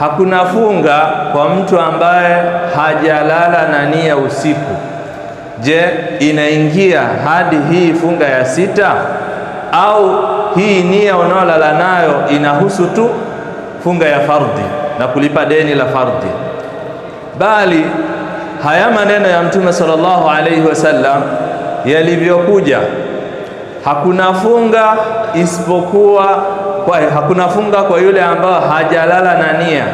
Hakuna funga kwa mtu ambaye hajalala na nia usiku. Je, inaingia hadi hii funga ya sita au hii nia unaolala nayo inahusu tu funga ya fardhi na kulipa deni la fardhi? Bali haya maneno ya Mtume sallallahu alaihi wasallam yalivyokuja, hakuna funga isipokuwa kwa, hakuna funga kwa yule ambao hajalala na nia.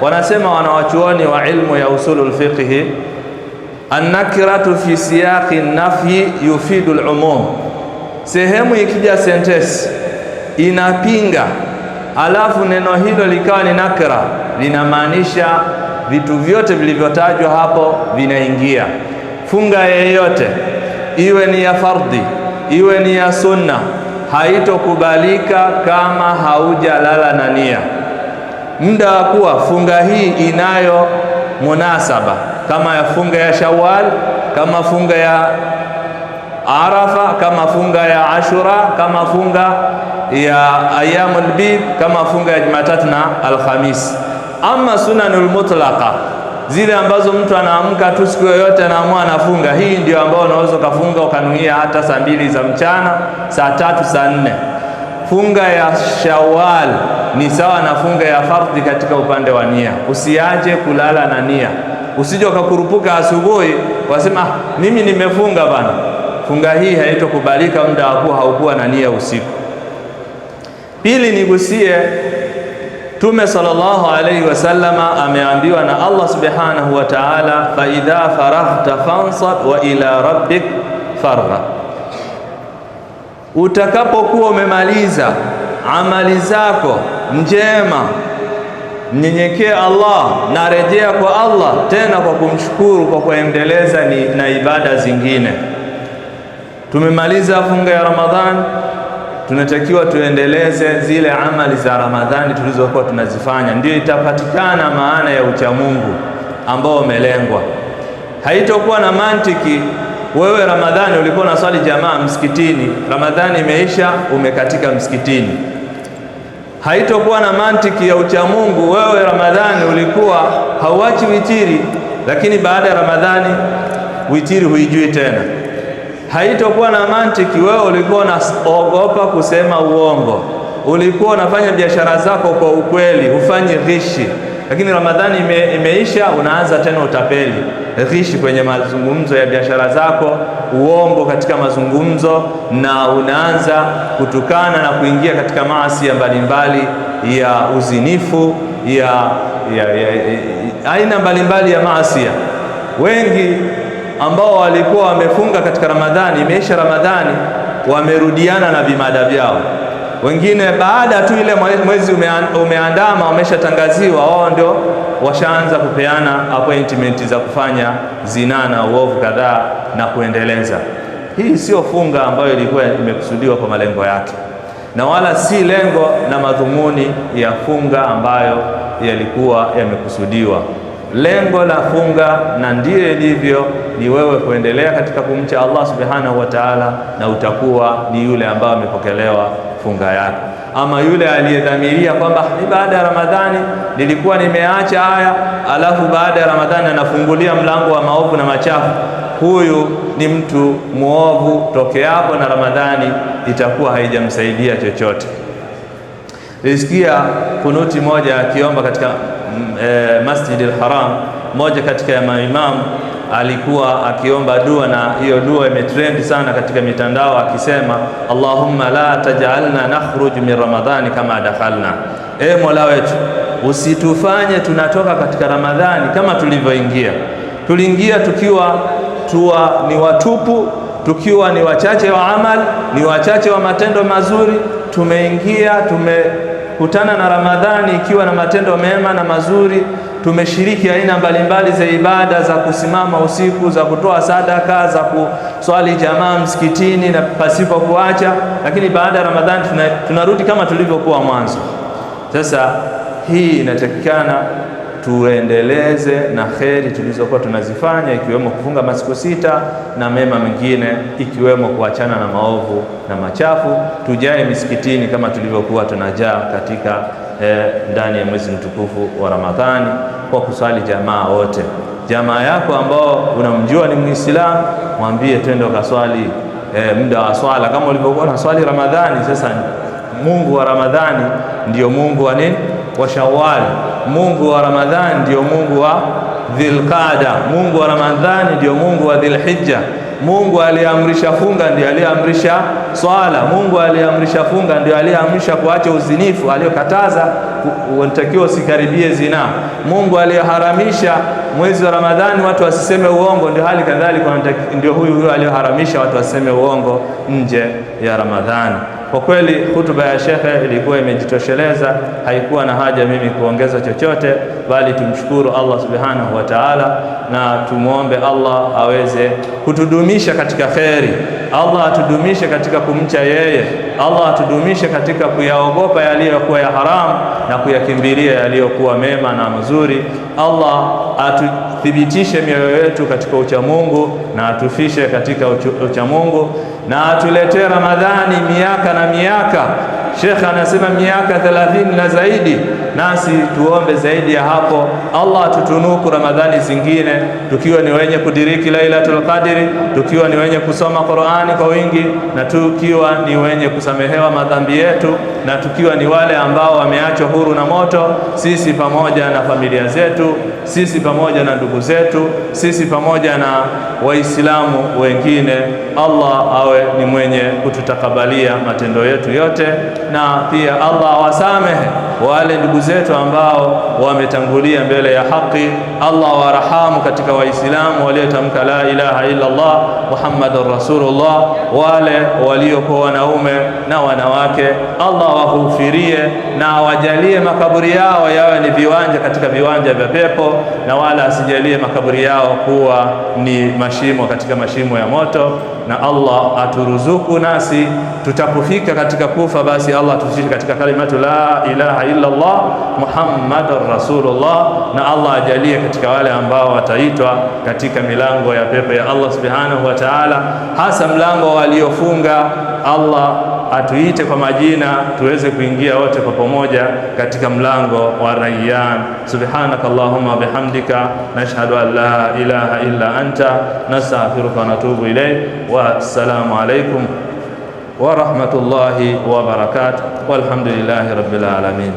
Wanasema wanawachuoni wa ilmu ya usulul fiqhi, annakiratu fi siyaqi nafyi yufidu lumum, sehemu ikija sentesi inapinga alafu neno hilo likawa ni nakira, linamaanisha vitu vyote vilivyotajwa hapo vinaingia. Funga yeyote iwe ni ya fardhi, iwe ni ya sunna haitokubalika kama haujalala na nia. Muda wa kuwa funga hii inayo munasaba kama ya funga ya Shawwal, kama funga ya Arafa, kama funga ya Ashura, kama funga ya Ayyamul Bid, kama funga ya Jumatatu na Alhamis. Ama sunanul mutlaqa zile ambazo mtu anaamka tu siku yoyote anaamua anafunga. Hii ndio ambayo unaweza ukafunga ukanuia hata saa mbili za mchana, saa tatu, saa nne. Funga ya shawal ni sawa na funga ya fardhi katika upande wa nia. Usiache kulala na nia, usije ukakurupuka asubuhi wasema, ah, mimi nimefunga bana. Funga hii haitokubalika muda wakuwa haukuwa na nia usiku. Pili nigusie Mtume sallallahu alaihi wasallama ameambiwa na Allah subhanahu wa ta'ala, fa idha farahta fansab wa ila rabbik farga, utakapokuwa umemaliza amali zako njema mnyenyekee Allah na rejea kwa Allah tena kwa kumshukuru kwa kuendeleza na ibada zingine. Tumemaliza funga ya Ramadhani tunatakiwa tuendeleze zile amali za Ramadhani tulizokuwa tunazifanya, ndio itapatikana maana ya uchamungu ambao umelengwa. Haitokuwa na mantiki wewe Ramadhani ulikuwa unaswali jamaa msikitini, Ramadhani imeisha, umekatika msikitini. Haitokuwa na mantiki ya uchamungu. Wewe Ramadhani ulikuwa hauachi witiri, lakini baada ya Ramadhani witiri huijui tena haitokuwa na mantiki. Wewe ulikuwa unaogopa kusema uongo, ulikuwa unafanya biashara zako kwa ukweli, hufanyi ghishi, lakini Ramadhani ime, imeisha, unaanza tena utapeli, ghishi kwenye mazungumzo ya biashara zako, uongo katika mazungumzo, na unaanza kutukana na kuingia katika maasi mbalimbali ya uzinifu ya, ya, ya, ya, aina mbalimbali ya maasi wengi ambao walikuwa wamefunga katika Ramadhani, imeisha Ramadhani, wamerudiana na vimada vyao. Wengine baada tu ile mwezi umeandama, wameshatangaziwa wao ndio washaanza kupeana appointment za kufanya zinaa na uovu kadhaa na kuendeleza. Hii sio funga ambayo ilikuwa imekusudiwa kwa malengo yake, na wala si lengo na madhumuni ya funga ambayo yalikuwa yamekusudiwa lengo la funga na ndiyo ilivyo ni wewe kuendelea katika kumcha Allah subhanahu wa ta'ala, na utakuwa ni yule ambaye amepokelewa funga yako. Ama yule aliyedhamiria kwamba baada ya Ramadhani nilikuwa nimeacha haya, alafu baada ya Ramadhani anafungulia mlango wa maovu na machafu, huyu ni mtu mwovu tokeapo, na Ramadhani itakuwa haijamsaidia chochote. Nilisikia kunuti moja akiomba katika e, Masjid al-Haram, mmoja katika ya maimamu alikuwa akiomba dua, na hiyo dua imetrendi sana katika mitandao akisema, Allahumma la tajalna nakhruj min ramadhani kama dakhalna, e Mola wetu usitufanye tunatoka katika Ramadhani kama tulivyoingia. Tuliingia tukiwa tuwa ni watupu, tukiwa ni wachache wa amali, ni wachache wa matendo mazuri, tumeingia tume kutana na Ramadhani ikiwa na matendo mema na mazuri. Tumeshiriki aina mbalimbali za ibada za kusimama usiku, za kutoa sadaka, za kuswali jamaa msikitini na pasipo kuacha. Lakini baada ya Ramadhani tunarudi kama tulivyokuwa mwanzo. Sasa hii inatakikana tuendeleze na kheri tulizokuwa tunazifanya ikiwemo kufunga masiku sita na mema mengine ikiwemo kuachana na maovu na machafu. Tujae misikitini kama tulivyokuwa tunajaa katika eh, ndani ya mwezi mtukufu wa Ramadhani kwa kusali jamaa wote. Jamaa yako ambao unamjua ni Muislamu, mwambie twende ukaswali eh, muda wa swala kama ulivyokuwa na swali Ramadhani. Sasa Mungu wa Ramadhani ndio Mungu wa nini? Wa Shawali. Mungu wa Ramadhani ndio Mungu wa Dhilqada, Mungu wa Ramadhani ndio Mungu wa Dhilhijja. Mungu aliyeamrisha funga ndio aliyeamrisha swala. Mungu aliyeamrisha funga ndio aliyeamrisha kuacha uzinifu, aliyokataza unatakiwa usikaribie zinaa. Mungu aliyeharamisha mwezi wa Ramadhani watu wasiseme uongo, ndio hali kadhalika ndio huyu huyu aliyoharamisha watu wasiseme uongo nje ya Ramadhani. Kwa kweli hutuba ya shekhe ilikuwa imejitosheleza, haikuwa na haja mimi kuongeza chochote, bali tumshukuru Allah subhanahu wa taala na tumwombe Allah aweze kutudumisha katika kheri. Allah atudumishe katika kumcha yeye. Allah atudumishe katika kuyaogopa yaliyokuwa ya haramu na kuyakimbilia yaliyokuwa mema na mazuri. Allah atuthibitishe mioyo yetu katika uchamungu na atufishe katika uchamungu na atuletee Ramadhani miaka na miaka Shekhe anasema miaka 30 na zaidi, nasi tuombe zaidi ya hapo. Allah tutunuku Ramadhani zingine tukiwa ni wenye kudiriki Lailatul Qadri, tukiwa ni wenye kusoma Qur'ani kwa wingi, na tukiwa ni wenye kusamehewa madhambi yetu, na tukiwa ni wale ambao wameachwa huru na moto, sisi pamoja na familia zetu sisi pamoja na ndugu zetu, sisi pamoja na Waislamu wengine. Allah awe ni mwenye kututakabalia matendo yetu yote, na pia Allah awasamehe wale ndugu zetu ambao wametangulia mbele ya haki. Allah warahamu katika Waislamu waliotamka la ilaha illa Allah muhammadur rasulullah, wale waliokuwa wanaume na wanawake, Allah wahufirie na awajalie makaburi yao yawe ni viwanja katika viwanja vya pepo, na wala asijalie makaburi yao kuwa ni mashimo katika mashimo ya moto. Na Allah aturuzuku nasi tutakufika katika kufa, basi Allah tufikishe katika kalimatu la ilaha illa Allah Muhammadur Rasulullah, na Allah ajalie katika wale ambao wataitwa katika milango ya pepo ya Allah subhanahu wa ta'ala, hasa mlango waliofunga. Allah atuite kwa majina tuweze kuingia wote kwa pamoja katika mlango wa Rayyan. Subhanaka Allahumma bihamdika nashhadu an la ilaha illa anta nastaghfiruka wa natubu ilayk, wa alaykum wa rahmatullahi wa barakatuh. Walhamdulillahi rabbil alamin.